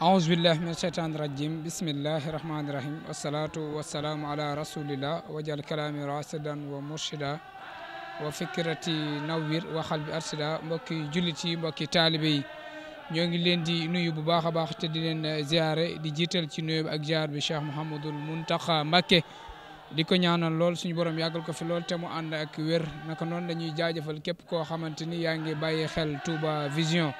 aousubillahi min sheytan irajim bismillahi rahmanirahim wasalatu wasalaamu ala rasulillah wajal kalaami rasidan wa murshida wa fikrati nawwir wa xalbi arsida mbokki jullit yi mbokki taalibe ñoo ngi leen di nuyu bu baax a baax te di leen ziare di jiital ci nuyu ak jaar bi Cheikh Mouhamadul Muntaxa Mbakke di ko ñaanal lool suñu borom yàggal ko fi lool te mu ànd ak wér naka noonu dañuy jaajëfal képp koo xamante ni yaa ngi bàyyi xel Touba Vision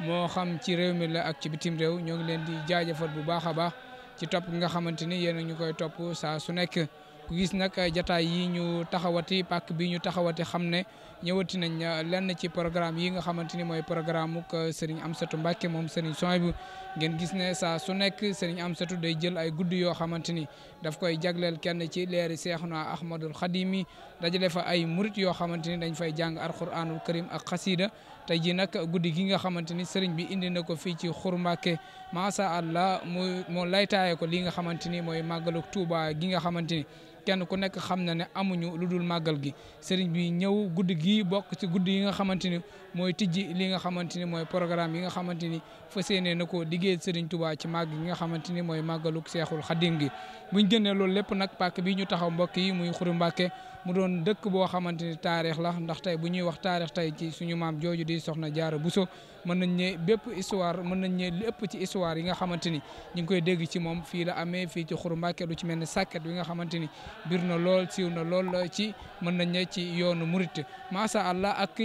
moo xam ci réew mi la ak ci bitim réew ñoo ngi leen di jaajëfal bu baax a baax ci topp nga xamante ni yéen a ñu koy topp saa su nekk gis nag jataay yi ñu taxawati pàkk bi ñu taxawati xam ne ñëwati nañ lenn ci programme yi nga xamante ni mooy programme muk Serigne Amsatou Mbacke moom Serigne bi ngeen gis ne sa su nekk Serigne Amsatou day jël ay guddi yoo xamante ni daf koy jagleel kenn ci leeri Seexuna Ahmadul Xadimi dajale fa ay murit yoo xamante ni dañ fay jàng alxuraanul karim ak xasiida tey jii nag guddi gi nga xamante ni sëriñ bi indi na ko fii ci Xuru Mbàkke macha allah mu mu laytaaye ko li nga xamante ni mooy màggalu Tuuba gi nga xamante ni kenn ku nekk xam na ne amuñu lu dul màggal gi sëriñ bi ñëw guddi gii bokk ci guddi yi nga xamante ni mooy tijji li nga xamante ni mooy programme yi nga xamante ni fas yéene na ko liggéey sëriñ Tuubaa ci màgg gi nga xamante ni mooy màggaluk Seexul Xadim gi buñ génnee loolu lépp nag pàkk bi ñu taxaw mbokk yi muy Xuru Mbàkke mu doon dëkk boo xamante ni taarix la ndax tey bu ñuy wax taarix tey ci suñu maam jooju di soxna bu so mën nañ ne bépp histoire mën nañ ne lépp ci histoire yi nga xamante ni ñu ngi koy dégg ci moom fii la amee fii ci Xuru Mbàkke lu ci mel ne sàkket bi nga xamante ni bir na lool siiw na lool ci mën nañ ne ci yoonu murit macha allah ak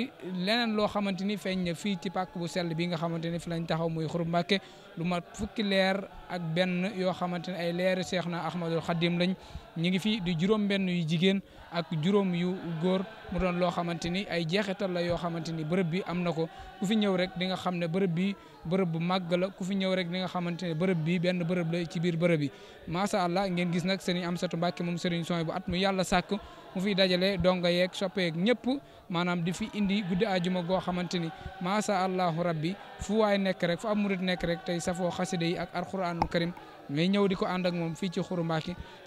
leneen loo xamante ni feeñ na fii ci pàkk bu sell bi nga xamante ni fi lañ taxaw muy Xuru make lu mat fukki leer ak benn yoo xamante ne ay leeri seex na Ahmadul Xadim lañ ñu ngi fi di juróom benn yu jigéen ak juróom yu góor mu doon loo xamante ni ay jeexital la yoo xamante ni bërëb bi am na ko ku fi ñëw rek di nga xam ne bërëb bi bërëb bu màgg la ku fi ñëw rek di nga xamante ne bërëb bi benn bërëb la ci biir bërëb bi macha allah ngeen gis nag am set Mbàkke moom sëriñ Soy bu at mu yàlla sàkk mu fi dajale donga yeeg soppeek ñëpp maanaam di fi indi guddi ajuma goo xamante ni maasa allahu rabbi fu waay nekk rek fu ab murit nekk rek tey safoo xasida yi ak alquranul karim mais ñëw di ko ànd ak moom fii ci xuru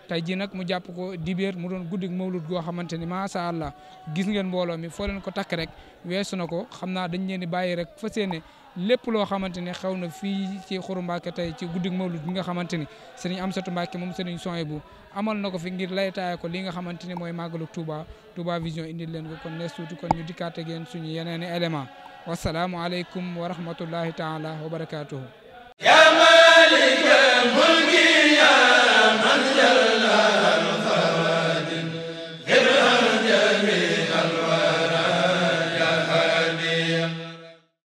tey jii nag mu jàpp ko dibéer mu doon guddik mawlud goo xamante ni maasa allah gis ngeen mbooloo mi foo leen ko takk rek weesu na ko xam naa dañ leen di bàyyi rek fa seene lépp loo xamante ne xew na fii ci Xuru Mbàkke tey ci guddig mawlud bi nga xamante ni sëriñ Amsatu Mbàkke moom sëriñ Suhaybu amal na ko fi ngir laytaaya ko li nga xamante ni mooy màggalu Touba Touba Vision indil leen ko kon nees tuuti kon ñu dikkaate geen suñu yeneeni élément wasalaamualeykum wa rahmatullahi taala wa barakaatuhu